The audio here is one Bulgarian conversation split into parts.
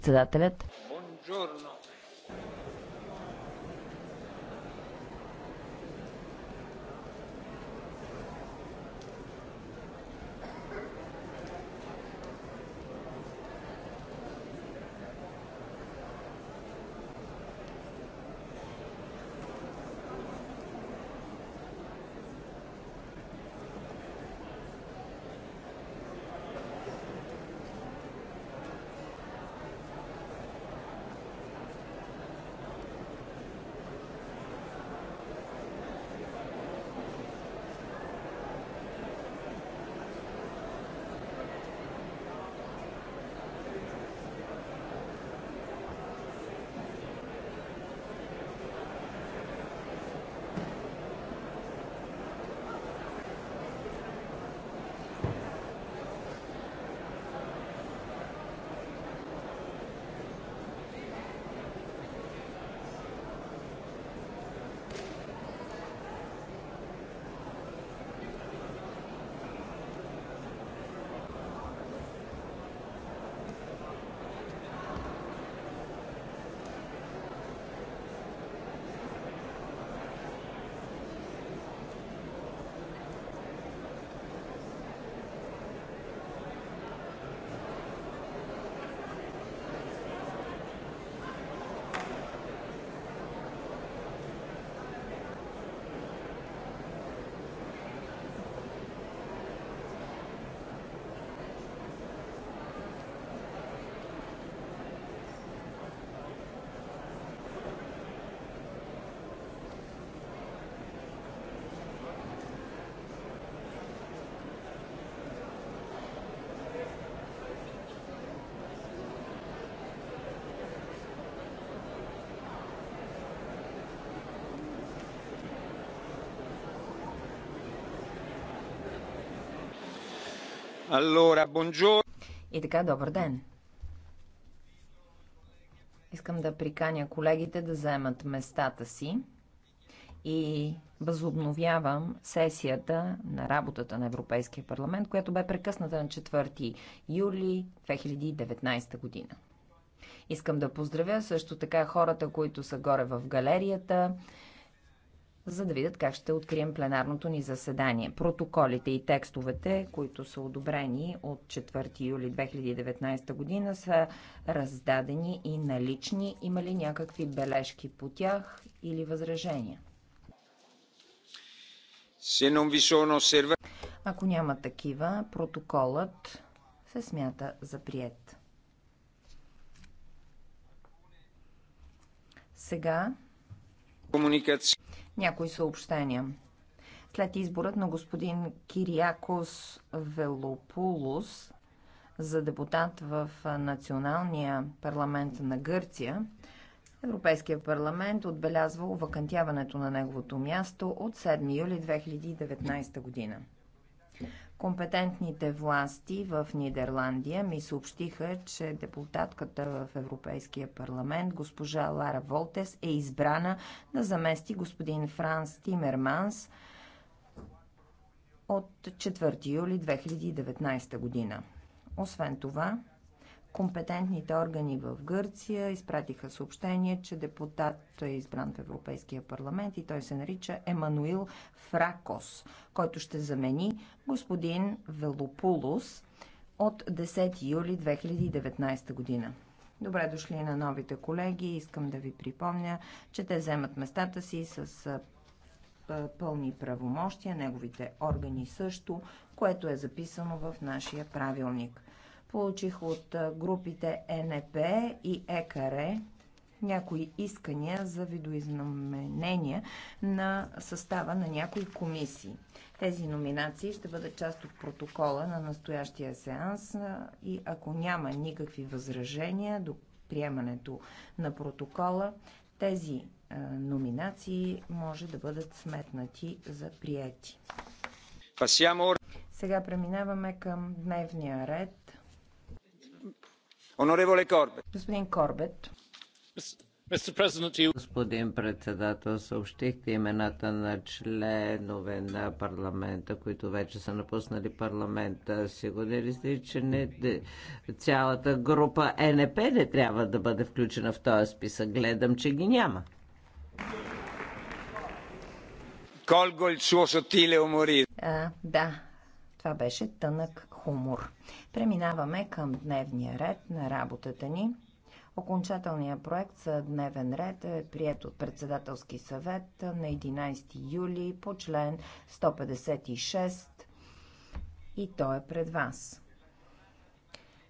Председателят. Allora, И така, добър ден. Искам да приканя колегите да вземат местата си и възобновявам сесията на работата на Европейския парламент, която бе прекъсната на 4 юли 2019 година. Искам да поздравя също така хората, които са горе в галерията, за да видят как ще открием пленарното ни заседание. Протоколите и текстовете, които са одобрени от 4 юли 2019 година, са раздадени и налични. Има ли някакви бележки по тях или възражения? Ако няма такива, протоколът се смята за прият. Сега някои съобщения. След изборът на господин Кириакос Велопулус за депутат в Националния парламент на Гърция, Европейския парламент отбелязва вакантяването на неговото място от 7 юли 2019 година. Компетентните власти в Нидерландия ми съобщиха, че депутатката в Европейския парламент, госпожа Лара Волтес, е избрана да замести господин Франс Тимерманс от 4 юли 2019 година. Освен това, Компетентните органи в Гърция изпратиха съобщение, че депутат е избран в Европейския парламент и той се нарича Емануил Фракос, който ще замени господин Велопулус от 10 юли 2019 година. Добре дошли на новите колеги. Искам да ви припомня, че те вземат местата си с пълни правомощия, неговите органи също, което е записано в нашия правилник. Получих от групите НП и ЕКАРЕ някои искания за видоизнаменения на състава на някои комисии. Тези номинации ще бъдат част от протокола на настоящия сеанс и ако няма никакви възражения до приемането на протокола, тези номинации може да бъдат сметнати за прияти. Сега преминаваме към дневния ред. Господин Корбет. Господин председател, съобщихте имената на членове на парламента, които вече са напуснали парламента. Сигурни ли сте, че не, цялата група е НП не трябва да бъде включена в този списък? Гледам, че ги няма. Колго Да, това беше тънък хумор. Преминаваме към дневния ред на работата ни. Окончателният проект за дневен ред е прият от Председателски съвет на 11 юли по член 156 и той е пред вас.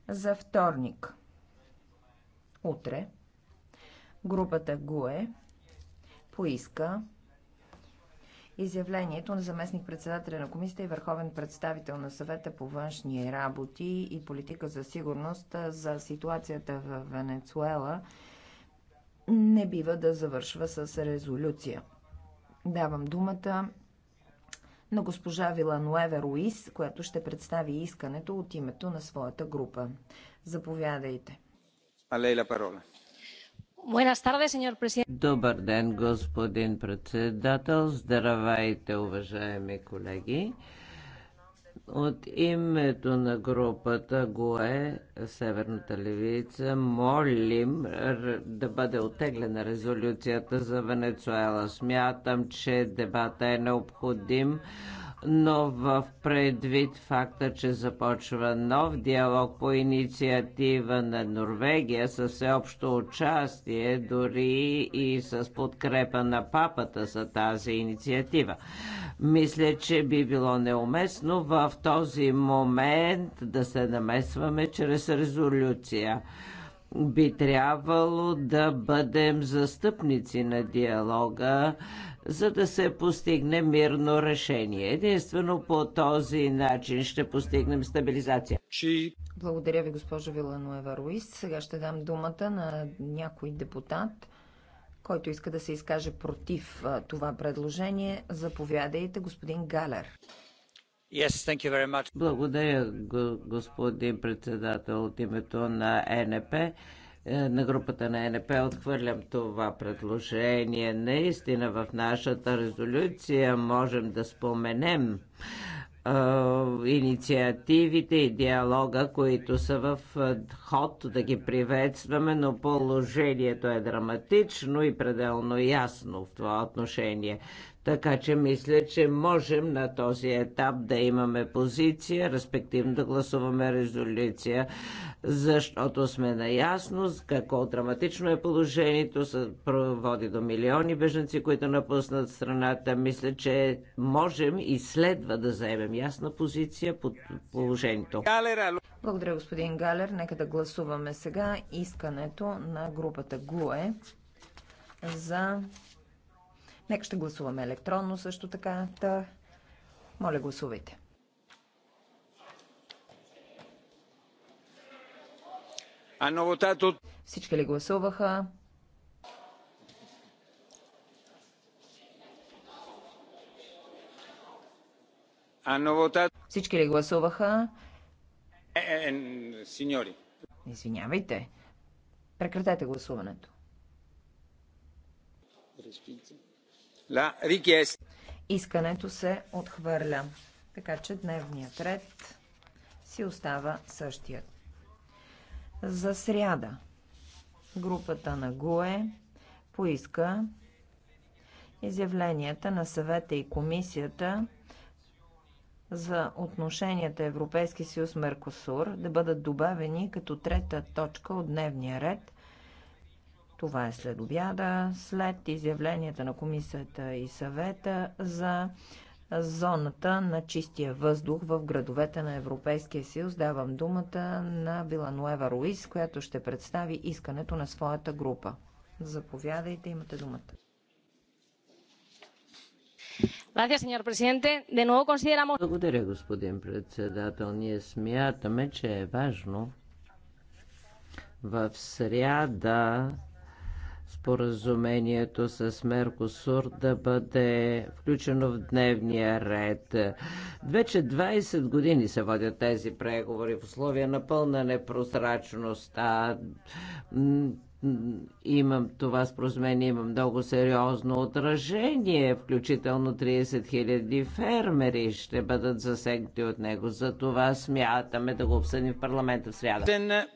За вторник, утре, групата ГУЕ поиска изявлението на заместник-председателя на комисията и върховен представител на съвета по външни работи и политика за сигурност за ситуацията в Венецуела не бива да завършва с резолюция. Давам думата на госпожа Вилануева Руис, която ще представи искането от името на своята група. Заповядайте. Алейла парола. Добър ден, господин председател. Здравейте, уважаеми колеги. От името на групата ГОЕ, Северната левица, молим да бъде оттеглена резолюцията за Венецуела. Смятам, че дебата е необходим но в предвид факта, че започва нов диалог по инициатива на Норвегия с всеобщо участие, дори и с подкрепа на папата за тази инициатива. Мисля, че би било неуместно в този момент да се намесваме чрез резолюция би трябвало да бъдем застъпници на диалога за да се постигне мирно решение. Единствено по този начин ще постигнем стабилизация. Благодаря ви, госпожо Виланоева Руис. Сега ще дам думата на някой депутат, който иска да се изкаже против това предложение. Заповядайте, господин Галер. Yes, thank you very much. Благодаря, господин председател, от името на е НП. Е, на групата на НП отхвърлям това предложение. Наистина в нашата резолюция можем да споменем е, инициативите и диалога, които са в е, ход, да ги приветстваме, но положението е драматично и пределно ясно в това отношение. Така че мисля, че можем на този етап да имаме позиция, респективно да гласуваме резолюция защото сме наясно какво драматично е положението, проводи до милиони беженци, които напуснат страната. Мисля, че можем и следва да заемем ясна позиция под положението. Благодаря, господин Галер. Нека да гласуваме сега искането на групата ГУЕ за... Нека ще гласуваме електронно също така. Та... Моля, гласувайте. Всички ли гласуваха? Всички ли гласуваха? Е, е, е, сеньори, Извинявайте. Прекратете гласуването. Искането се отхвърля. Така че дневният ред си остава същият за сряда. Групата на ГУЕ поиска изявленията на съвета и комисията за отношенията Европейски съюз Меркосур да бъдат добавени като трета точка от дневния ред. Това е след обяда, след изявленията на комисията и съвета за зоната на чистия въздух в градовете на Европейския съюз. Давам думата на Биланоева Руис, която ще представи искането на своята група. Заповядайте, имате думата. Благодаря, господин председател. Ние смятаме, че е важно в сряда споразумението с Меркосур да бъде включено в дневния ред. Вече 20 години се водят тези преговори в условия на пълна непрозрачност. А имам това споразумение, имам много сериозно отражение, включително 30 000 фермери ще бъдат засегнати от него. За това смятаме да го обсъдим в парламента в сряда.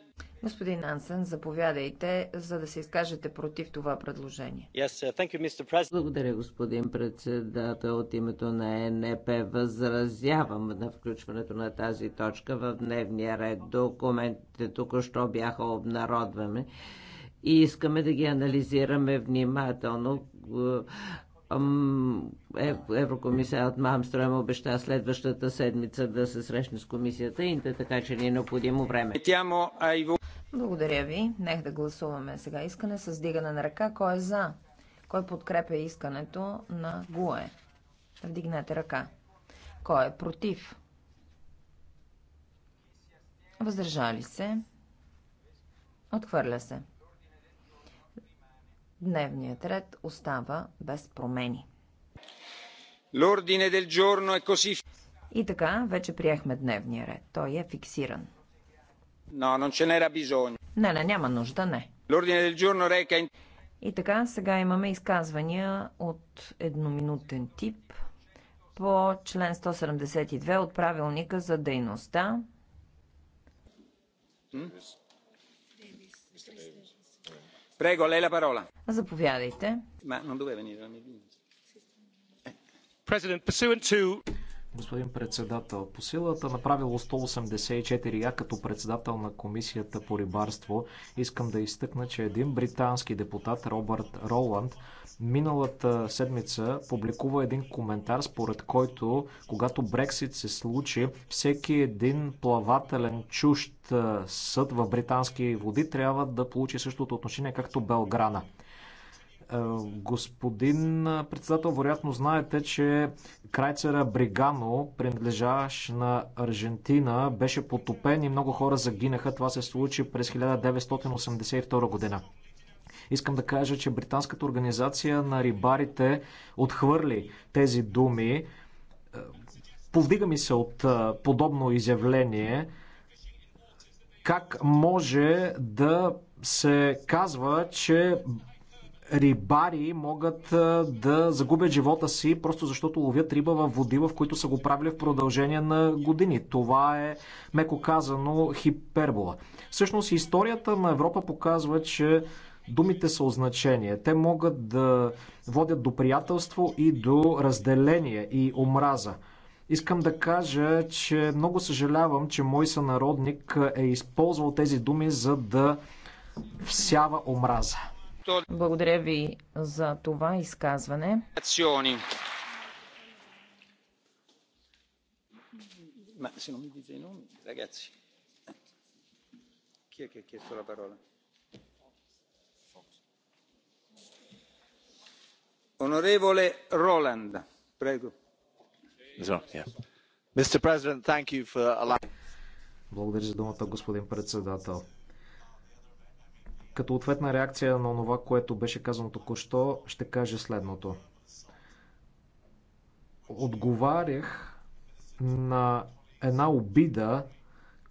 Господин Ансен, заповядайте, за да се изкажете против това предложение. Yes, thank you, Mr. Благодаря, господин председател. От името на ЕНП възразявам на включването на тази точка в дневния ред. Документите току-що бяха обнародвани и искаме да ги анализираме внимателно. Е, Еврокомисарът Мамстрем обеща следващата седмица да се срещне с комисията и така че ни е необходимо време. Благодаря ви. Нех да гласуваме сега искане с дигане на ръка. Кой е за? Кой подкрепя искането на ГУЕ? Вдигнете ръка. Кой е против? Въздържали се. Отхвърля се. Дневният ред остава без промени. L'ordine del giorno è così. И така, вече приехме дневния ред. Той е фиксиран. No, non ce n'era bisogno. Не, не, няма нужда, не. L'ordine del giorno reca... И така, сега имаме изказвания от едноминутен тип по член 172 от правилника за дейността. Прего, лей ла парола. Заповядайте. Ма, Президент, pursuant to Господин председател, по силата на правило 184 я като председател на Комисията по рибарство искам да изтъкна, че един британски депутат, Робърт Роланд, миналата седмица публикува един коментар, според който, когато Брексит се случи, всеки един плавателен чужд съд в британски води трябва да получи същото отношение, както Белграна. Е, господин председател, вероятно знаете, че крайцера Бригано, принадлежащ на Аржентина, беше потопен и много хора загинаха. Това се случи през 1982 година. Искам да кажа, че Британската организация на рибарите отхвърли тези думи. Е, повдига ми се от е, подобно изявление. Как може да се казва, че рибари могат да загубят живота си, просто защото ловят риба в води, в които са го правили в продължение на години. Това е, меко казано, хипербола. Всъщност, историята на Европа показва, че думите са означение. Те могат да водят до приятелство и до разделение и омраза. Искам да кажа, че много съжалявам, че мой сънародник е използвал тези думи, за да всява омраза. Благодаря ви за това изказване. Onorevole Roland, prego. Благодаря за думата, господин председател. Като ответна реакция на това, което беше казано току-що, ще кажа следното. Отговарях на една обида,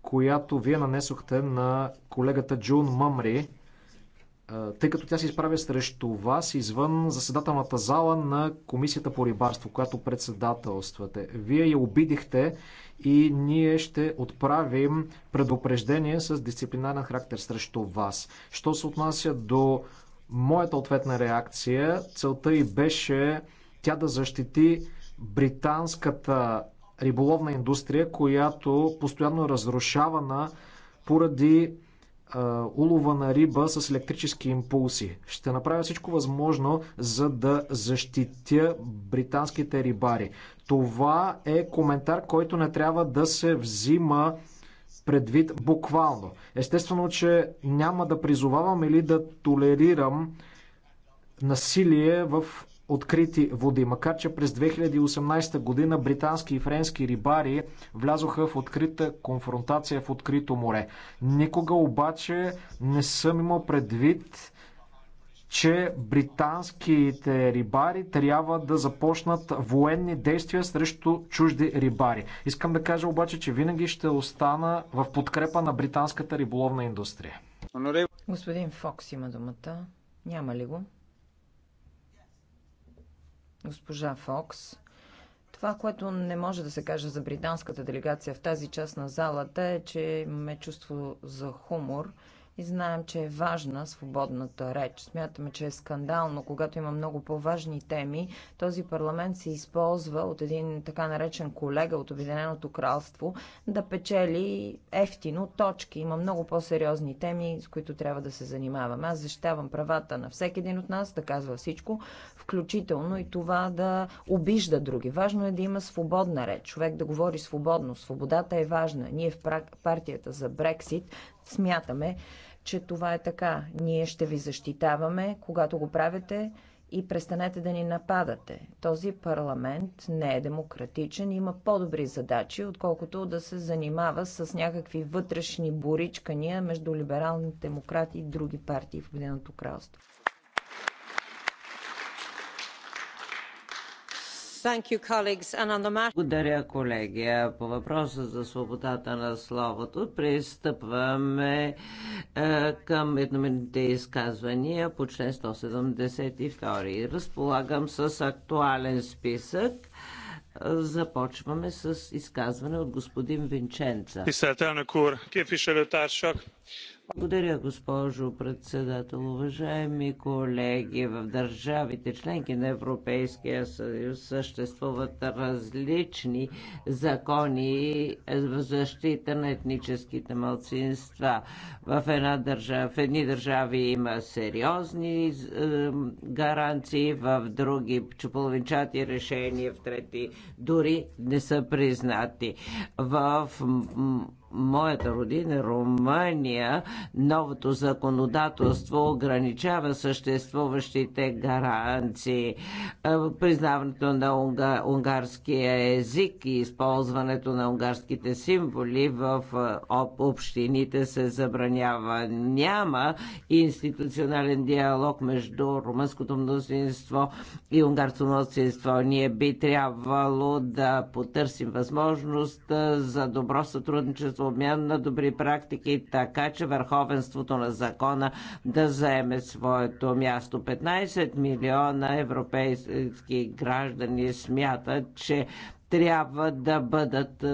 която вие нанесохте на колегата Джун Мъмри, тъй като тя се изправя срещу вас извън заседателната зала на Комисията по рибарство, която председателствате. Вие я обидихте и ние ще отправим предупреждение с дисциплинарен характер срещу вас. Що се отнася до моята ответна реакция, целта й беше тя да защити британската риболовна индустрия, която постоянно е разрушавана поради улова на риба с електрически импулси. Ще направя всичко възможно, за да защитя британските рибари. Това е коментар, който не трябва да се взима предвид буквално. Естествено, че няма да призовавам или да толерирам насилие в открити води. Макар, че през 2018 година британски и френски рибари влязоха в открита конфронтация в открито море. Никога обаче не съм имал предвид, че британските рибари трябва да започнат военни действия срещу чужди рибари. Искам да кажа обаче, че винаги ще остана в подкрепа на британската риболовна индустрия. Господин Фокс има думата. Няма ли го? госпожа Фокс. Това, което не може да се каже за британската делегация в тази част на залата е, че имаме чувство за хумор и знаем, че е важна свободната реч. Смятаме, че е скандално, когато има много по-важни теми. Този парламент се използва от един така наречен колега от Обединеното кралство да печели ефтино точки. Има много по-сериозни теми, с които трябва да се занимаваме. Аз защитавам правата на всеки един от нас да казва всичко, включително и това да обижда други. Важно е да има свободна реч, човек да говори свободно. Свободата е важна. Ние в партията за Брексит смятаме, че това е така. Ние ще ви защитаваме, когато го правите и престанете да ни нападате. Този парламент не е демократичен, има по-добри задачи, отколкото да се занимава с някакви вътрешни боричкания между либерални демократи и други партии в Обединеното кралство. Благодаря, колеги. По въпроса за свободата на словото пристъпваме е, към едноминутните изказвания по член 172. Разполагам с актуален списък. Започваме с изказване от господин Винченца. Тисълтелнök Кур, képviselőtársak! Благодаря, госпожо председател. Уважаеми колеги, в държавите членки на Европейския съюз съществуват различни закони в защита на етническите малцинства. В, една държава, в едни държави има сериозни е, гаранции, в други половинчати решения, в трети дори не са признати. В моята родина Румъния новото законодателство ограничава съществуващите гаранции. Е, признаването на унгарския език и използването на унгарските символи в е, общините се забранява. Няма институционален диалог между румънското мнозинство и унгарското мнозинство. Ние би трябвало да потърсим възможност е, за добро сътрудничество обмен на добри практики, така че върховенството на закона да заеме своето място. 15 милиона европейски граждани смятат, че трябва да бъдат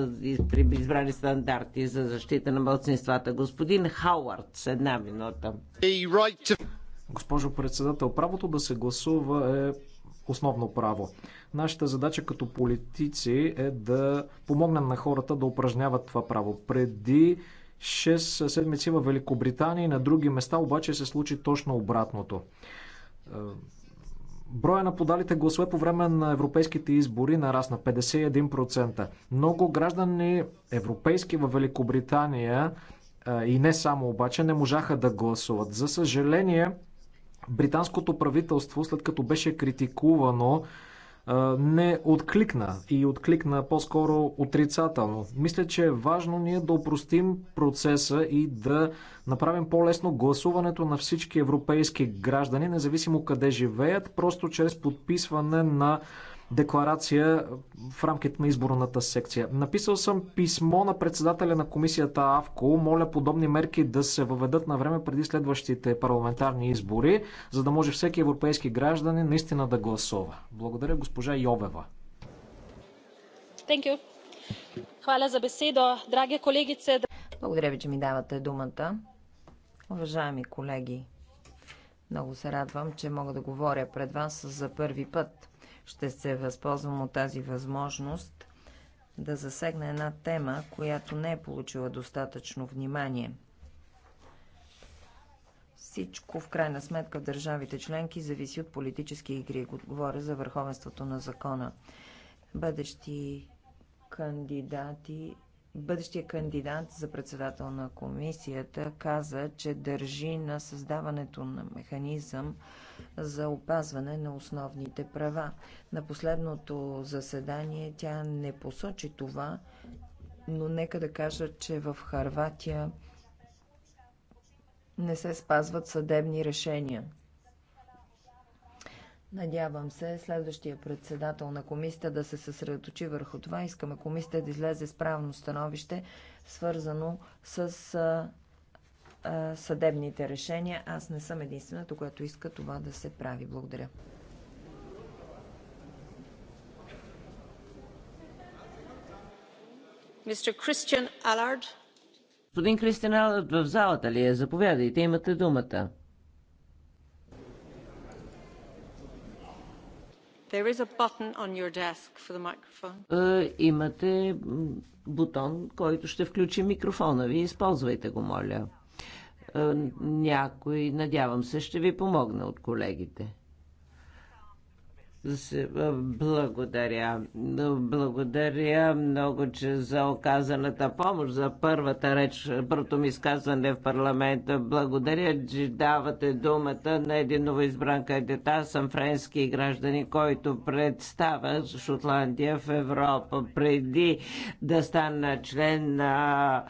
избрани стандарти за защита на младсинствата. Господин Хауърд, с една минута. Госпожо председател, правото да се гласува е основно право. Нашата задача като политици е да помогнем на хората да упражняват това право. Преди 6 седмици в Великобритания и на други места обаче се случи точно обратното. Е, броя на подалите гласове по време на европейските избори нарасна 51%. Много граждани европейски в Великобритания е, и не само обаче не можаха да гласуват. За съжаление, британското правителство, след като беше критикувано, не откликна и откликна по-скоро отрицателно. Мисля, че е важно ние да упростим процеса и да направим по-лесно гласуването на всички европейски граждани, независимо къде живеят, просто чрез подписване на декларация в рамките на изборната секция. Написал съм писмо на председателя на комисията АВКО. Моля подобни мерки да се въведат на време преди следващите парламентарни избори, за да може всеки европейски гражданин наистина да гласува. Благодаря госпожа Йовева. Thank you. Хваля за беседо, драги колегице. Благодаря ви, че ми давате думата. Уважаеми колеги, много се радвам, че мога да говоря пред вас за първи път. Ще се възползвам от тази възможност да засегна една тема, която не е получила достатъчно внимание. Всичко в крайна сметка в държавите членки зависи от политически игри. Говоря за върховенството на закона. Бъдещи кандидати бъдещия кандидат за председател на комисията каза, че държи на създаването на механизъм за опазване на основните права. На последното заседание тя не посочи това, но нека да кажа, че в Харватия не се спазват съдебни решения. Надявам се следващия председател на комисията да се съсредоточи върху това. Искаме комисията да излезе с правно становище, свързано с съдебните решения. Аз не съм единствената, която иска това да се прави. Благодаря. Господин Кристиан Алард в залата ли е? Заповядайте, имате думата. Uh, имате бутон, който ще включи микрофона ви. Използвайте го, моля. Е, някой, надявам се, ще ви помогна от колегите. Благодаря. Благодаря много че за оказаната помощ, за първата реч, първото ми изказване в парламента. Благодаря, че давате думата на един новоизбран кандидат. Аз съм френски граждани, който представя Шотландия в Европа. Преди да стана член на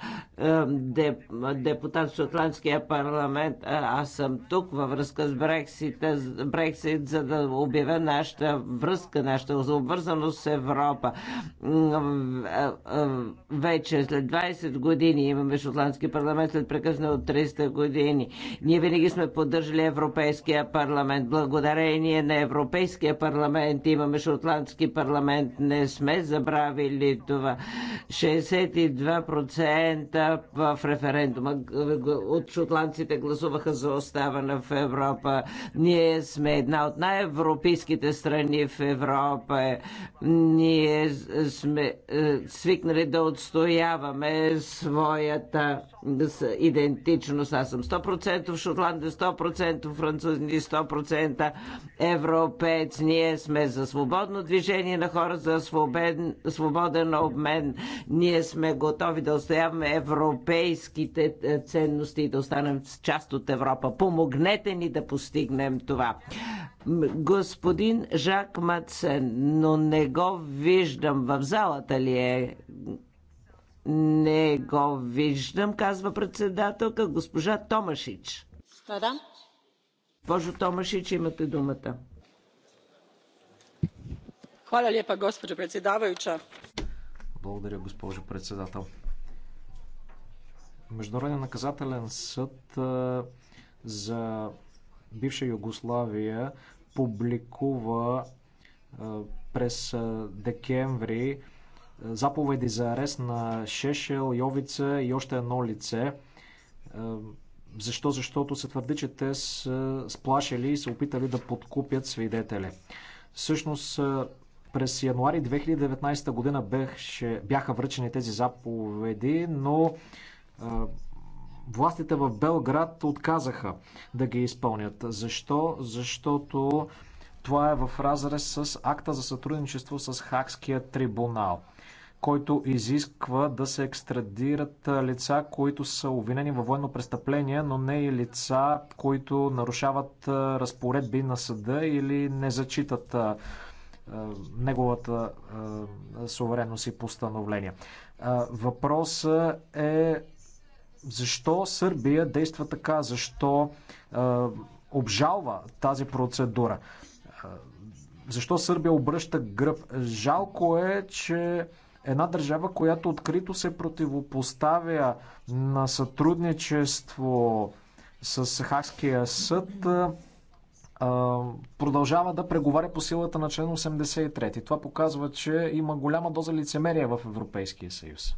депутат в Шотландския парламент, аз съм тук във връзка с Брексит, Брексит за да обявя нашата нашата връзка, нашата обвързаност с Европа. Вече след 20 години имаме Шотландски парламент, след прекъсна от 300 години. Ние винаги сме поддържали Европейския парламент. Благодарение на Европейския парламент имаме Шотландски парламент. Не сме забравили това. 62% в референдума от шотландците гласуваха за оставане в Европа. Ние сме една от най-европейските страни страни в Европа. Ние сме е, свикнали да отстояваме своята идентичност. Аз съм 100% шотландец, 100% французни, 100% европеец. Ние сме за свободно движение на хора, за свободен, свободен обмен. Ние сме готови да отстояваме европейските е, ценности и да останем част от Европа. Помогнете ни да постигнем това господин Жак Мацен, но не го виждам. В залата ли е? Не го виждам, казва председателка госпожа Томашич. Да, да. Божо Томашич, имате думата. Хвала лепа, госпожо predsjedavajuća. Благодаря, госпожо председател. Международен наказателен съд за бивша Югославия публикува през декември заповеди за арест на Шешел, Йовица и още едно лице. Защо? Защото се твърди, че те са сплашили и са опитали да подкупят свидетели. Всъщност, през януари 2019 година бяха връчени тези заповеди, но Властите в Белград отказаха да ги изпълнят. Защо? Защото това е в разрез с акта за сътрудничество с Хакския трибунал, който изисква да се екстрадират лица, които са обвинени във военно престъпление, но не и лица, които нарушават разпоредби на съда или не зачитат неговата суверенност и постановление. Въпросът е защо Сърбия действа така? Защо е, обжалва тази процедура? Защо Сърбия обръща гръб? Жалко е, че една държава, която открито се противопоставя на сътрудничество с Хакския съд, продължава да преговаря по силата на член 83. Това показва, че има голяма доза лицемерие в Европейския съюз.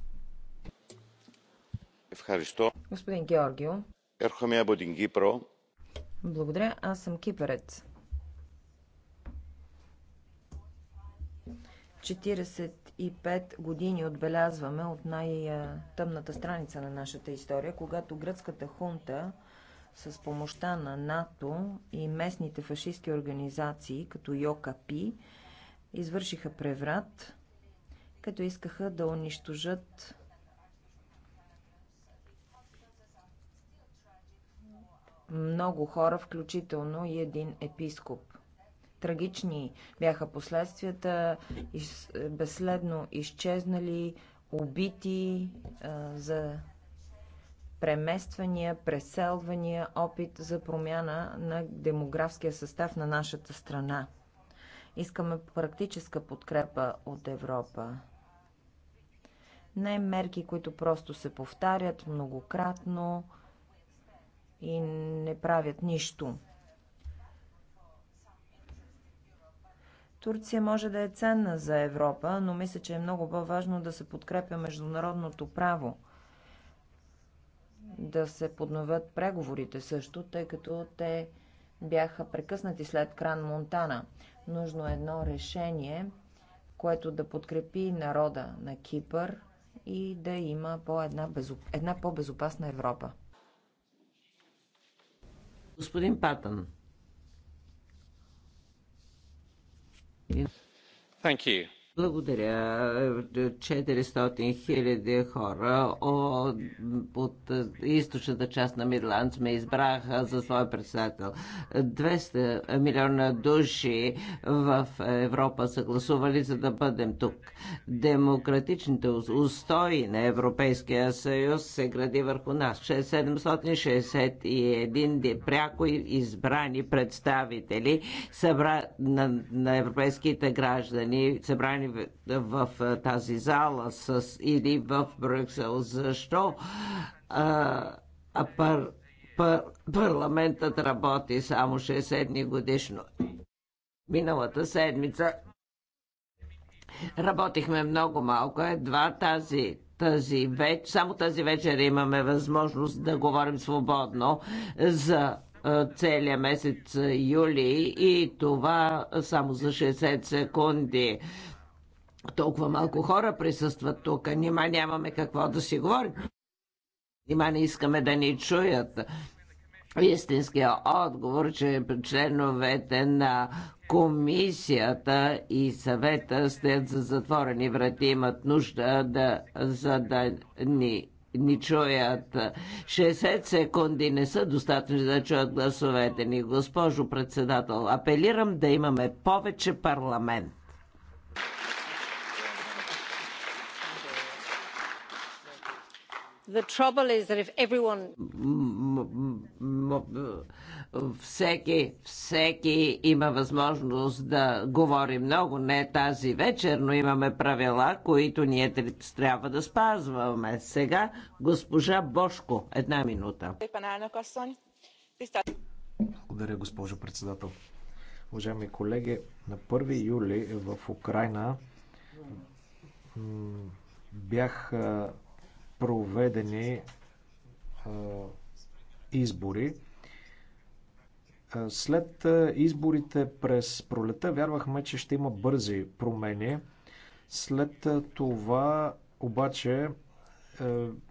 Ευχαριστώ. Господин Георгио. Έρχομαι από την Κύπρο. Благодаря. Аз съм кипърец. 45 години отбелязваме от най-тъмната страница на нашата история, когато гръцката хунта с помощта на НАТО и местните фашистски организации, като ЙОКАПИ, извършиха преврат, като искаха да унищожат много хора, включително и един епископ. Трагични бяха последствията, безследно изчезнали, убити а, за премествания, преселвания, опит за промяна на демографския състав на нашата страна. Искаме практическа подкрепа от Европа. Не мерки, които просто се повтарят многократно, и не правят нищо. Турция може да е ценна за Европа, но мисля, че е много по-важно да се подкрепя международното право. Да се подновят преговорите също, тъй като те бяха прекъснати след Кран Монтана. Нужно е едно решение, което да подкрепи народа на Кипър и да има по една, безоп... една по-безопасна Европа. Господин Патън. Thank you. Благодаря. 400 хиляди хора от, от източната част на Мидланд ме избраха за своя председател. 200 милиона души в Европа са гласували, за да бъдем тук. Демократичните устои на Европейския съюз се гради върху нас. 761 пряко избрани представители събра, на, на европейските граждани, събрани в тази зала с, или в Брюксел. Защо а, а пар, пар, парламентът работи само 60 дни годишно? Миналата седмица работихме много малко, едва тази тази вечер, само тази вечер имаме възможност да говорим свободно за целия месец юли и това само за 60 секунди. Толкова малко хора присъстват тук. Нима нямаме какво да си говорим. Нима не искаме да ни чуят. Истинския отговор, че членовете на комисията и съвета стоят за затворени врати имат нужда да, за да ни ни чуят. 60 секунди не са достатъчни да чуят гласовете ни. Госпожо председател, апелирам да имаме повече парламент. The trouble is that if everyone... Всеки, всеки има възможност да говори много, не тази вечер, но имаме правила, които ние трябва да спазваме. Сега госпожа Бошко, една минута. Благодаря, госпожо председател. Уважаеми колеги, на 1 юли в Украина бях проведени избори. След изборите през пролета вярвахме, че ще има бързи промени. След това обаче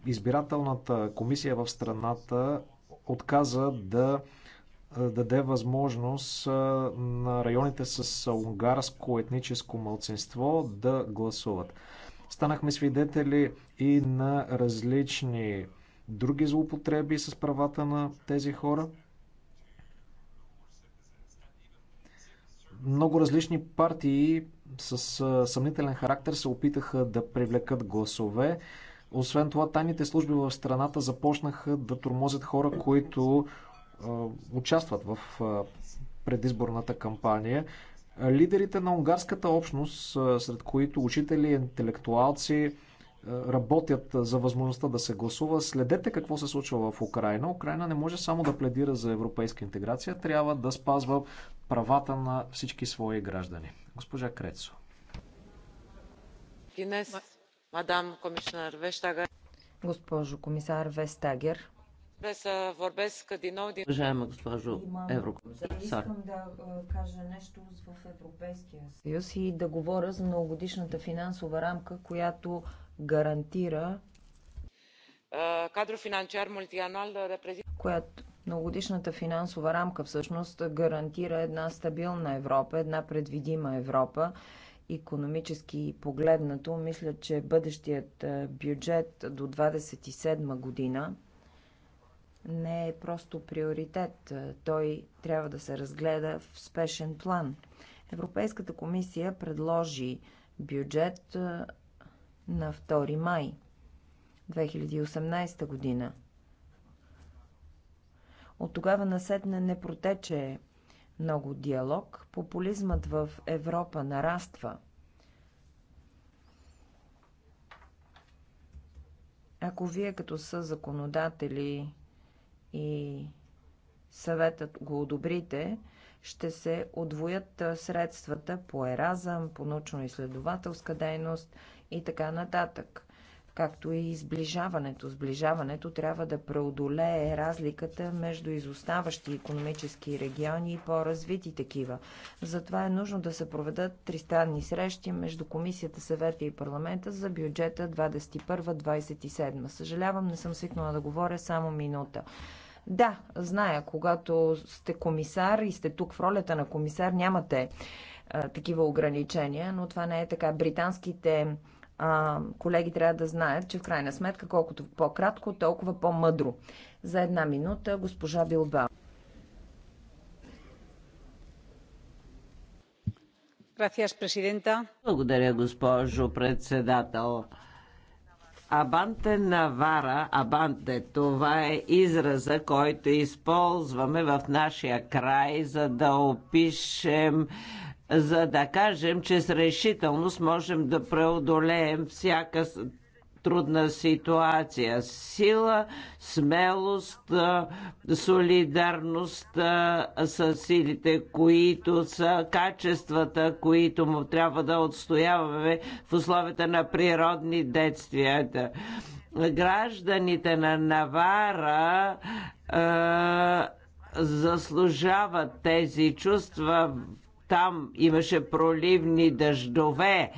избирателната комисия в страната отказа да даде възможност на районите с унгарско етническо мълцинство да гласуват. Станахме свидетели и на различни други злоупотреби с правата на тези хора. Много различни партии с съмнителен характер се опитаха да привлекат гласове. Освен това, тайните служби в страната започнаха да тормозят хора, които е, участват в е, предизборната кампания. Лидерите на унгарската общност, сред които учители, интелектуалци, работят за възможността да се гласува. Следете какво се случва в Украина. Украина не може само да пледира за европейска интеграция, трябва да спазва правата на всички свои граждани. Госпожа Крецо. Мадам комисар Госпожо комисар Вестагер, Уважаема госпожо Еврокомисар. Искам да кажа нещо в Европейския съюз и да говоря за многогодишната финансова рамка, която гарантира кадро финансиар мултиануал която Многодишната финансова рамка всъщност гарантира една стабилна Европа, една предвидима Европа. Економически погледнато, мисля, че бъдещият бюджет до 27 година не е просто приоритет. Е, той трябва да се разгледа в спешен план. Европейската комисия предложи бюджет е, на 2 май 2018 година. От тогава насетне не протече много диалог. Популизмът в Европа нараства. Ако вие като са законодатели и съветът го одобрите, ще се отвоят средствата по еразъм, по научно-изследователска дейност и така нататък. Както и сближаването. Сближаването трябва да преодолее разликата между изоставащи економически региони и по-развити такива. Затова е нужно да се проведат тристранни срещи между Комисията, съвета и парламента за бюджета 21-27. Съжалявам, не съм свикнала да говоря само минута. Да, зная, когато сте комисар и сте тук в ролята на комисар, нямате а, такива ограничения, но това не е така. Британските а, колеги трябва да знаят, че в крайна сметка, колкото по-кратко, толкова по-мъдро. За една минута госпожа Билба. Благодаря, госпожо председател. Абанте Навара, Абанте, това е израза, който използваме в нашия край, за да опишем за да кажем, че с решителност можем да преодолеем всяка трудна ситуация. Сила, смелост, солидарност с силите, които са качествата, които му трябва да отстояваме в условията на природни детствия. Гражданите на Навара заслужават тези чувства там имаше проливни дъждове.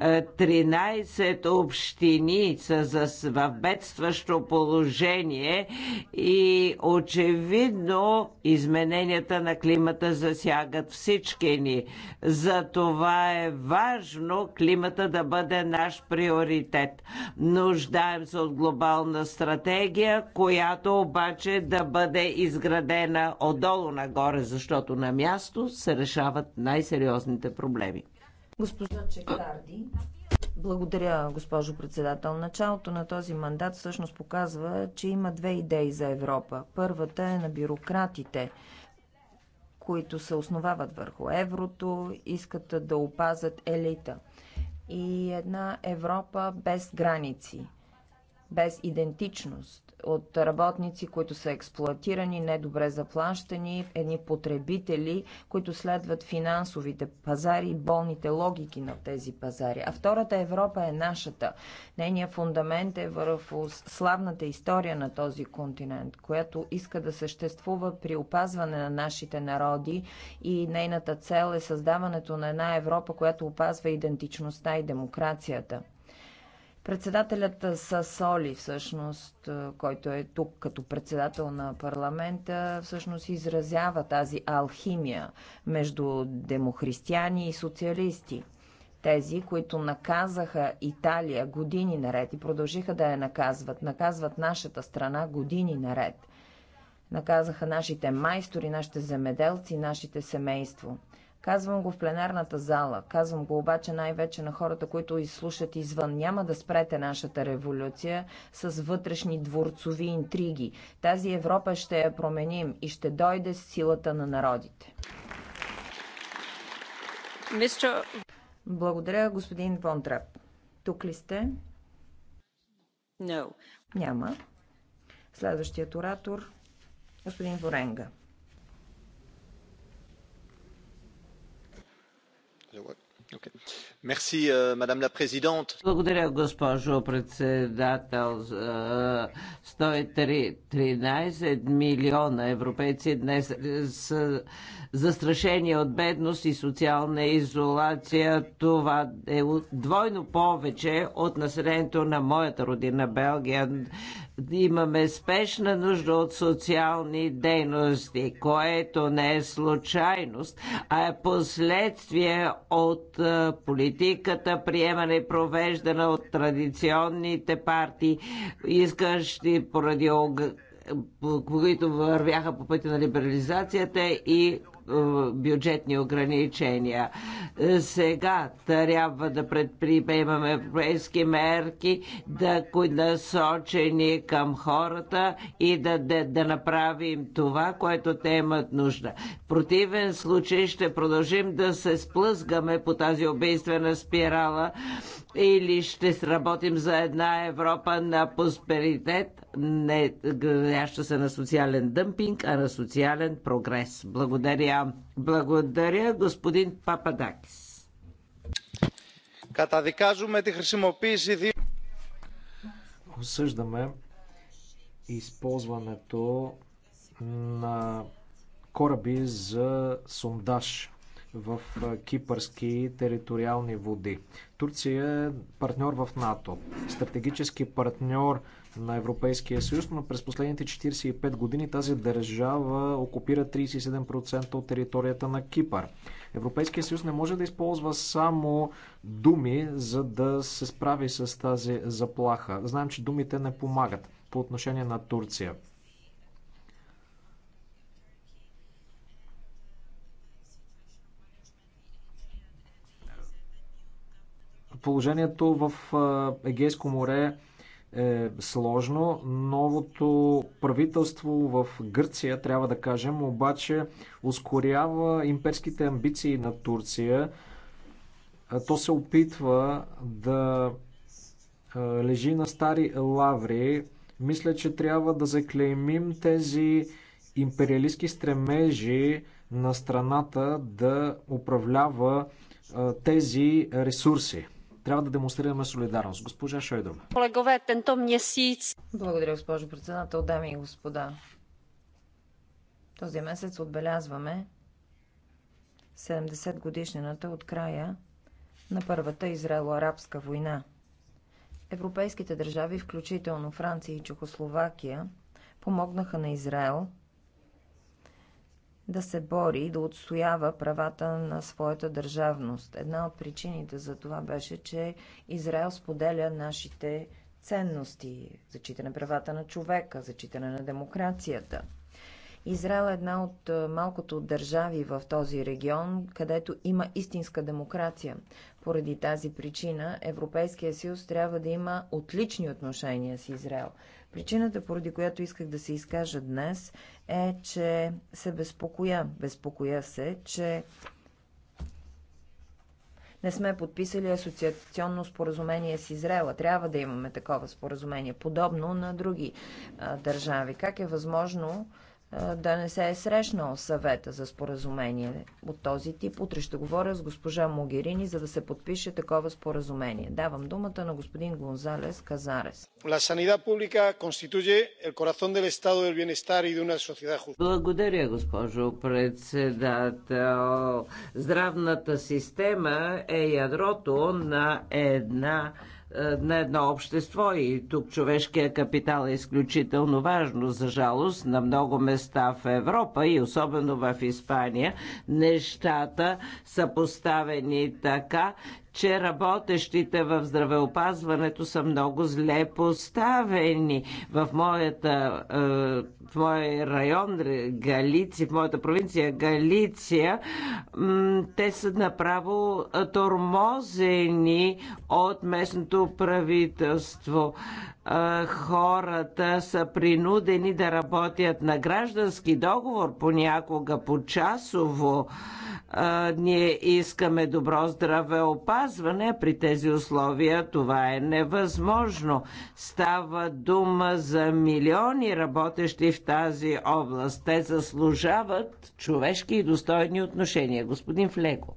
13 е, общини са в бедстващо положение и очевидно измененията на климата засягат всички ни. За това е важно климата да бъде наш приоритет. Нуждаем се от глобална стратегия, която обаче да бъде изградена отдолу нагоре, защото на място се решават най-сериозните проблеми. Госпожа Чектарди, Благодаря, госпожо председател. Началото на този мандат всъщност показва, че има две идеи за Европа. Първата е на бюрократите, които се основават върху еврото, искат да опазят елита. И една Европа без граници, без идентичност от работници, които са експлуатирани, недобре заплащани, едни потребители, които следват финансовите пазари и болните логики на тези пазари. А втората Европа е нашата. Нейният фундамент е върху славната история на този континент, която иска да съществува при опазване на нашите народи и нейната цел е създаването на една Европа, която опазва идентичността и демокрацията. Председателят Сасоли, всъщност, е, който е тук като председател на парламента, всъщност изразява тази алхимия между демохристияни и социалисти. Тези, които наказаха Италия години наред и продължиха да я наказват, наказват нашата страна години наред. Наказаха нашите майстори, нашите земеделци, нашите семейство. Казвам го в пленарната зала, казвам го обаче най-вече на хората, които изслушат извън. Няма да спрете нашата революция с вътрешни дворцови интриги. Тази Европа ще я променим и ще дойде с силата на народите. Мистер... Благодаря, господин Вонтрап. Тук ли сте? No. Няма. Следващият оратор, господин Воренга. Okay. Euh, Благодаря, госпожо председател. 113 милиона европейци днес са застрашени от бедност и социална изолация. Това е двойно повече от населението на моята родина Белгия. Имаме спешна нужда от социални дейности, което не е случайност, а е последствие от политиката политиката, приемане и провеждана от традиционните партии, искащи поради които вървяха по пътя на либерализацията и е, бюджетни ограничения. Е, сега трябва да предприемаме европейски мерки, да кои насочени към хората и да, да, да направим това, което те имат нужда. В противен случай ще продължим да се сплъзгаме по тази убийствена спирала или ще сработим за една Европа на просперитет, не гледаща се на социален дъмпинг, а на социален прогрес. Благодаря. Благодаря, господин Пападакис. Καταδικάζουμε τη χρησιμοποίηση Осъждаме използването на кораби за сондаж в кипърски териториални води. Турция е партньор в НАТО, стратегически партньор на Европейския съюз, но през последните 45 години тази държава окупира 37% от територията на Кипър. Европейския съюз не може да използва само думи, за да се справи с тази заплаха. Знаем, че думите не помагат по отношение на Турция. Положението в Егейско море е сложно. Новото правителство в Гърция, трябва да кажем, обаче ускорява имперските амбиции на Турция. То се опитва да лежи на стари лаври. Мисля, че трябва да заклеймим тези империалистски стремежи на страната да управлява тези ресурси. Трябва да демонстрираме солидарност. Госпожа Шойдрова. Колегове, тенто месец. Благодаря, госпожо председател, дами и господа. Този месец отбелязваме 70 годишнината от края на Първата Израело-арабска война. Европейските държави, включително Франция и Чехословакия, помогнаха на Израел – да се бори и да отстоява правата на своята държавност. Една от причините за това беше, че Израел споделя нашите ценности, зачитане правата на човека, зачитане на демокрацията. Израел е една от малкото държави в този регион, където има истинска демокрация. Поради тази причина Европейския съюз трябва да има отлични отношения с Израел. Причината, поради която исках да се изкажа днес, е, че се безпокоя. Безпокоя се, че не сме подписали асоциационно споразумение с Израела. Трябва да имаме такова споразумение, подобно на други а, държави. Как е възможно да не се е срещнал съвета за споразумение от този тип. Утре ще говоря с госпожа Могерини, за да се подпише такова споразумение. Давам думата на господин Гонзалес Казарес. Благодаря, госпожо председател. Здравната система е ядрото на една е, на едно общество и тук човешкия капитал е изключително важно. За жалост, на много места в Европа и особено в Испания нещата са поставени така, че работещите в здравеопазването са много зле поставени. В, моята, е, в моя район Галиция, в моята провинция Галиция, те са направо е, тормозени от местното правителство е, хората са принудени да работят на граждански договор, понякога по часово. Ние искаме добро здравеопазване спазване. При тези условия това е невъзможно. Става дума за милиони работещи в тази област. Те заслужават човешки и достойни отношения. Господин Флеко.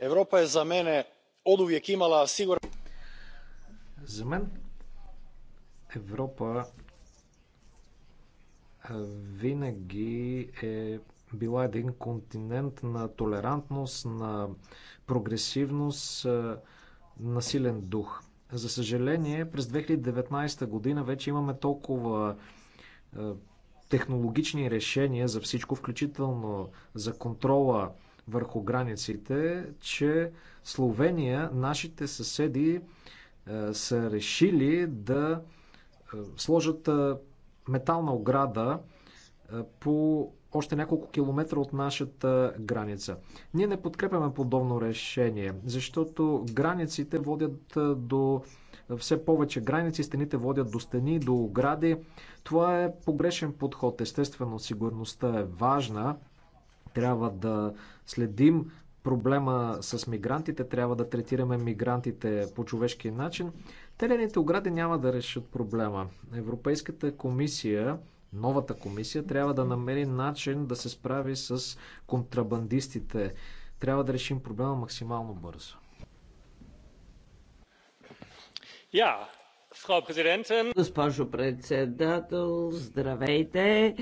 Европа е за мене увек имала сигурен... За мен Европа винаги е била един континент на толерантност, на прогресивност, е, на силен дух. За съжаление, през 2019 година вече имаме толкова е, технологични решения за всичко, включително за контрола върху границите, че Словения, нашите съседи, е, са решили да сложат метална ограда по още няколко километра от нашата граница. Ние не подкрепяме подобно решение, защото границите водят до все повече граници, стените водят до стени, до огради. Това е погрешен подход. Естествено, сигурността е важна. Трябва да следим проблема с мигрантите, трябва да третираме мигрантите по човешки начин. Телените огради няма да решат проблема. Европейската комисия новата комисия трябва да намери начин да се справи с контрабандистите. Трябва да решим проблема максимално бързо. Я, Frau Präsidentin. Госпожо председател, здравейте.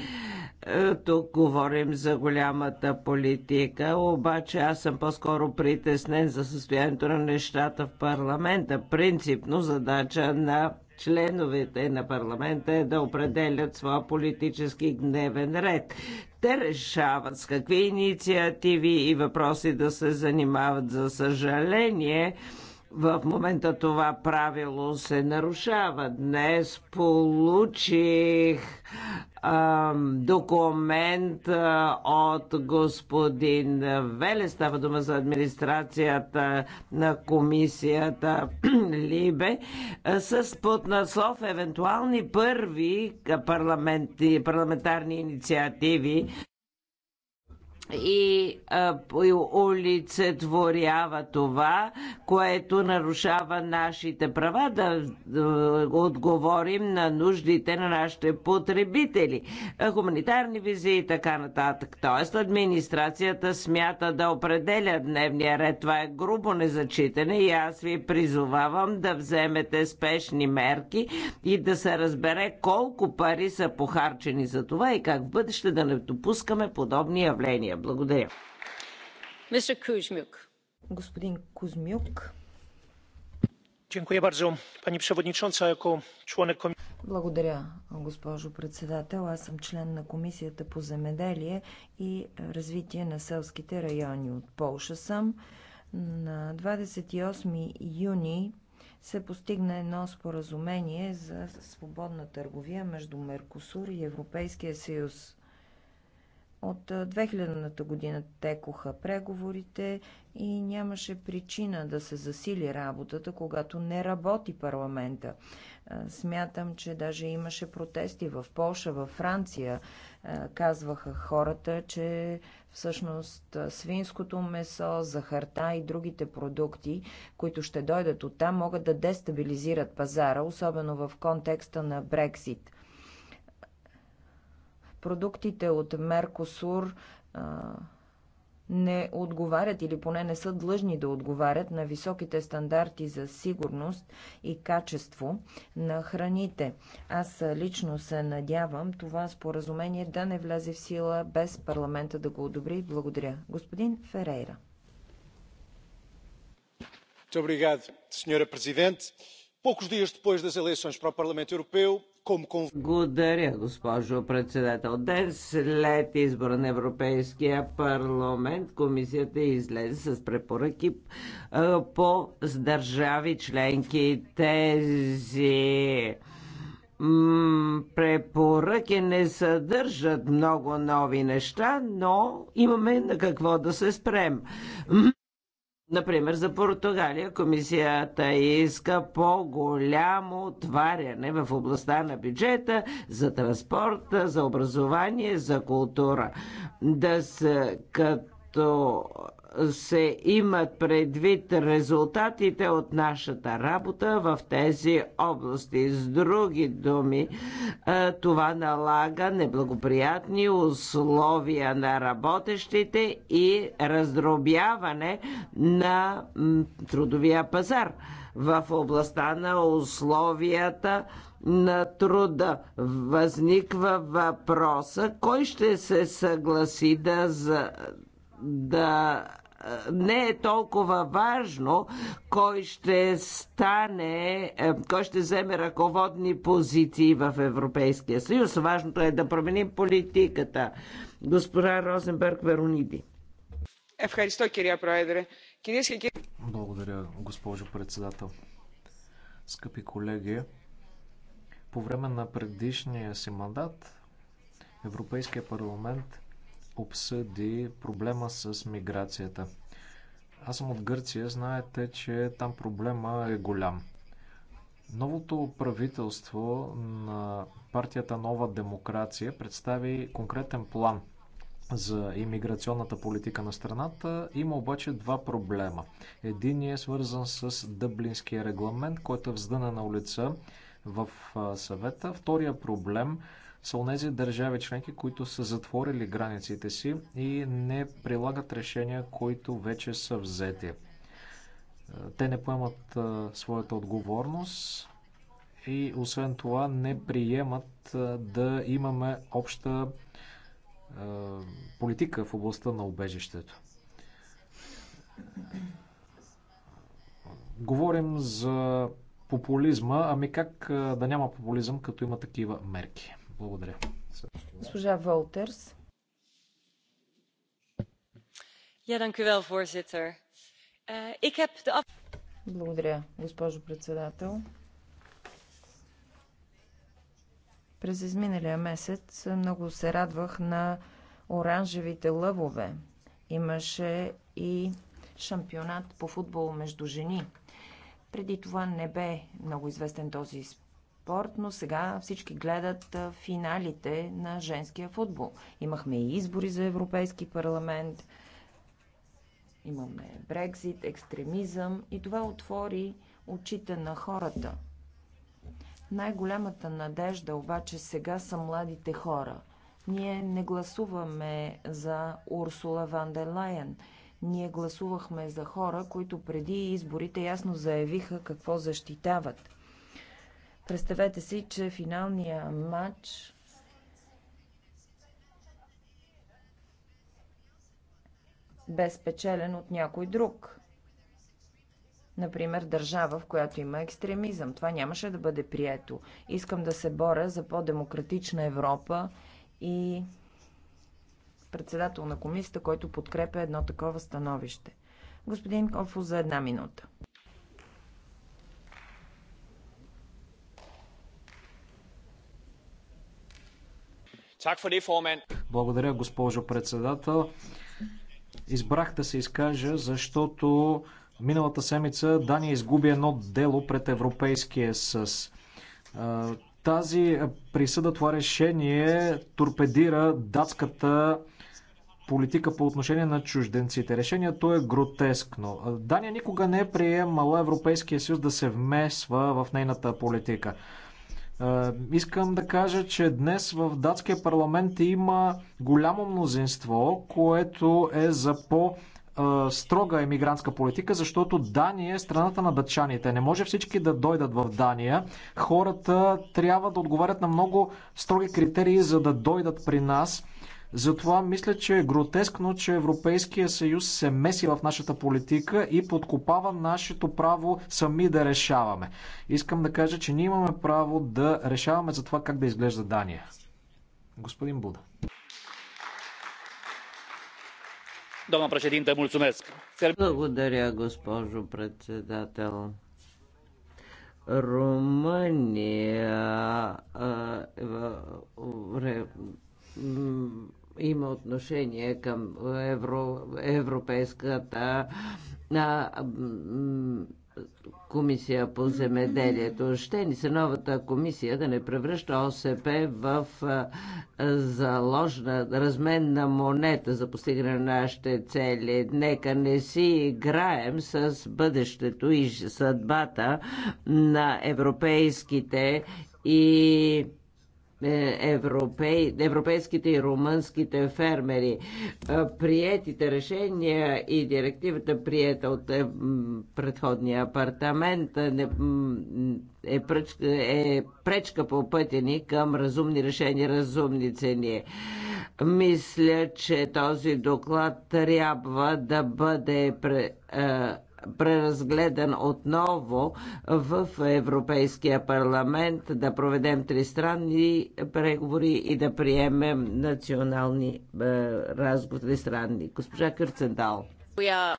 Е, тук говорим за голямата политика, обаче аз съм по-скоро притеснен за състоянието на нещата в парламента. Принципно задача на членовете на парламента е да определят своя политически гневен ред. Те решават с какви инициативи и въпроси да се занимават. За съжаление, в момента това правило се нарушава. Днес получих документ от господин Веле. Става дума за администрацията на комисията Либе с поднаслов евентуални първи парламент, парламентарни инициативи и, а, и олицетворява това, което нарушава нашите права да, да отговорим на нуждите на нашите потребители. Хуманитарни визи и така нататък. Тоест, администрацията смята да определя дневния ред. Това е грубо незачитане и аз ви призовавам да вземете спешни мерки и да се разбере колко пари са похарчени за това и как в бъдеще да не допускаме подобни явления. България. Благодаря. Господин Кузмюк. Благодаря, госпожо председател. Аз съм член на Комисията по земеделие и развитие на селските райони. От Полша съм. На 28 юни се постигна едно споразумение за свободна търговия между Меркосур и Европейския съюз. От 2000-та година текоха преговорите и нямаше причина да се засили работата, когато не работи парламента. Смятам, че даже имаше протести в Польша, във Франция. Казваха хората, че всъщност свинското месо, захарта и другите продукти, които ще дойдат оттам, могат да дестабилизират пазара, особено в контекста на Брексит. Продуктите от Меркосур не отговарят или поне не са длъжни да отговарят на високите стандарти за сигурност и качество на храните. Аз лично се надявам това споразумение да не влезе в сила без парламента да го одобри. Благодаря. Господин Ферейра. Muito господин президент. Presidente. Poucos dias depois das eleições para o Parlamento Europeu, благодаря, госпожо председател. Ден след избора на Европейския парламент, комисията излезе с препоръки по държави членки тези препоръки не съдържат много нови неща, но имаме на какво да се спрем. Например, за Португалия комисията иска по-голямо отваряне в областта на бюджета за транспорт, за образование, за култура. Да се като се имат предвид резултатите от нашата работа в тези области. С други думи, е, това налага неблагоприятни условия на работещите и раздробяване на трудовия пазар в областта на условията на труда. Възниква въпроса, кой ще се съгласи да, за, да не е толкова важно кой ще стане, е, кой ще вземе ръководни позиции в Европейския съюз. Важното е да променим политиката. Госпожа Розенберг Верониди. Евхаристо, кирия проедре. Благодаря, госпожо председател. Скъпи колеги, по време на предишния си мандат Европейския парламент обсъди проблема с миграцията. Аз съм от Гърция, знаете, че там проблема е голям. Новото правителство на партията Нова демокрация представи конкретен план за имиграционната политика на страната. Има обаче два проблема. Единият е свързан с Дъблинския регламент, който е вздъна на улица в съвета. Втория проблем е са онези държави членки, които са затворили границите си и не прилагат решения, които вече са взети. Те не поемат своята отговорност и освен това не приемат да имаме обща политика в областта на убежището. Говорим за популизма, ами как да няма популизъм, като има такива мерки? Благодаря. Госпожа Волтерс. Eh, Благодаря, госпожо председател. През изминалия месец много се радвах на оранжевите лъвове. Имаше и шампионат по футбол между жени. Преди това не бе много известен този спорт спорт, но сега всички гледат финалите на женския футбол. Имахме и избори за Европейски парламент, имаме Брекзит, екстремизъм и това отвори очите на хората. Най-голямата надежда обаче сега са младите хора. Ние не гласуваме за Урсула Ван де Лайен. Ние гласувахме за хора, които преди изборите ясно заявиха какво защитават – Представете си, че финалния матч бе спечелен от някой друг. Например, държава, в която има екстремизъм. Това нямаше да бъде прието. Искам да се боря за по-демократична Европа и председател на комисията, който подкрепя едно такова становище. Господин Кофо за една минута. Благодаря, госпожо председател. Избрах да се изкажа, защото миналата седмица Дания изгуби едно дело пред Европейския със. Тази присъда, това решение торпедира датската политика по отношение на чужденците. Решението е гротескно. Дания никога не е приемала Европейския съюз да се вмесва в нейната политика. Е, искам да кажа, че днес в датския парламент има голямо мнозинство, което е за по- строга емигрантска политика, защото Дания е страната на дъчаните. Не може всички да дойдат в Дания. Хората трябва да отговарят на много строги критерии, за да дойдат при нас. Затова мисля, че е гротескно, че Европейския съюз се меси в нашата политика и подкопава нашето право сами да решаваме. Искам да кажа, че ние имаме право да решаваме за това как да изглежда Дания. Господин Буда. Дома președinte, Благодаря, госпожо председател. Румъния има отношение към евро, Европейската а, комисия по земеделието. Ще ни се новата комисия да не превръща ОСП в заложна, разменна монета за постигане на нашите цели. Нека не си играем с бъдещето и съдбата на европейските и е, европей, европейските и румънските фермери. Е, приетите решения и директивата, приета от е, предходния апартамент, е, пречка, е пречка по пътя ни към разумни решения, разумни цени. Мисля, че този доклад трябва да бъде преразгледан отново в Европейския парламент, да проведем тристранни преговори и да приемем национални е, разговори тристранни. Госпожа Кърцендал.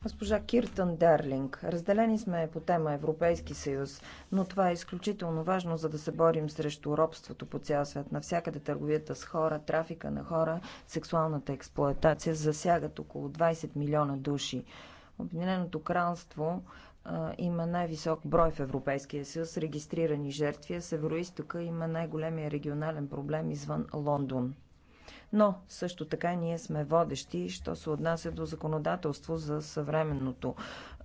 Госпожа Киртън Дарлинг, разделени сме по тема Европейски съюз, но това е изключително важно, за да се борим срещу робството по цял свят. Навсякъде търговията с хора, трафика на хора, сексуалната експлоатация засягат около 20 милиона души. Обединеното кралство а, има най-висок брой в Европейския съюз регистрирани жертви, а Североистока има най-големия регионален проблем извън Лондон. Но също така ние сме водещи, що се отнася до законодателство за съвременното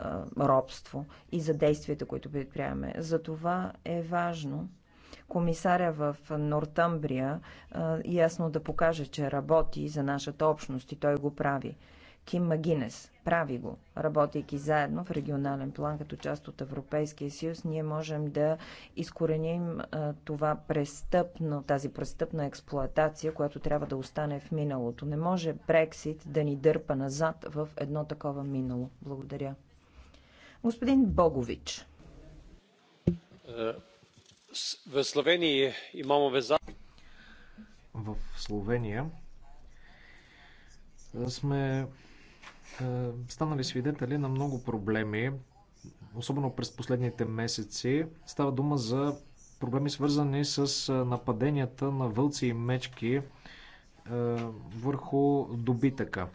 е, робство и за действията, които предприемаме. За това е важно комисаря в Нортъмбрия е, ясно да покаже, че работи за нашата общност и той го прави. Ким Магинес. Прави го. Работейки заедно в регионален план като част от Европейския съюз, ние можем да изкореним това престъпно, тази престъпна експлоатация, която трябва да остане в миналото. Не може Брексит да ни дърпа назад в едно такова минало. Благодаря. Господин Богович. Е, в Словения имаме В Словения сме е, станали свидетели на много проблеми, особено през последните месеци. Става дума за проблеми свързани с е, нападенията на вълци и мечки е, върху добитъка.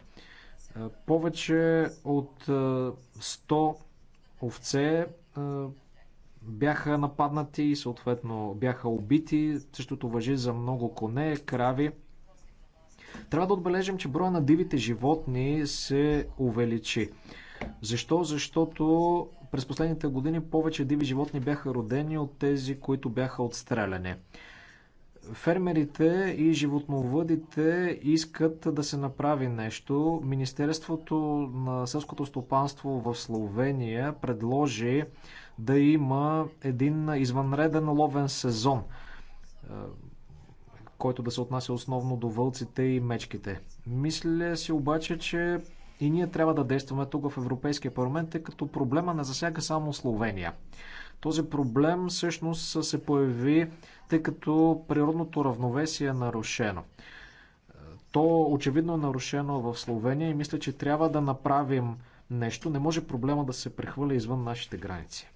Повече от 100 овце бяха нападнати и съответно бяха убити. Същото въжи за много коне, крави. Трябва да отбележим, че броя на дивите животни се увеличи. Защо? Защото през последните години повече диви животни бяха родени от тези, които бяха отстреляни. Фермерите и животновъдите искат да се направи нещо. Министерството на селското стопанство в Словения предложи да има един извънреден ловен сезон който да се отнася основно до вълците и мечките. Мисля си обаче, че и ние трябва да действаме тук в Европейския парламент, тъй като проблема не засяга само Словения. Този проблем всъщност се появи, тъй като природното равновесие е нарушено. То очевидно е нарушено в Словения и мисля, че трябва да направим нещо. Не може проблема да се прехвърля извън нашите граници.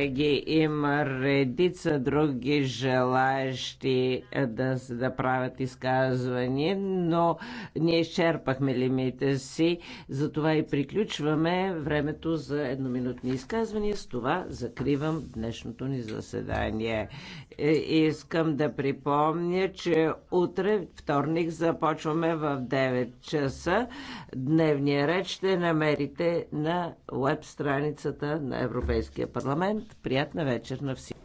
Ги има редица други желаящи е, да, да правят изказвания, но ние изчерпахме лимите си, затова и приключваме времето за едноминутни изказвания. С това закривам днешното ни заседание. Е, искам да припомня, че утре, вторник, започваме в 9 часа. Дневния реч ще намерите на веб страницата на на Европейския парламент. Приятна вечер на всички!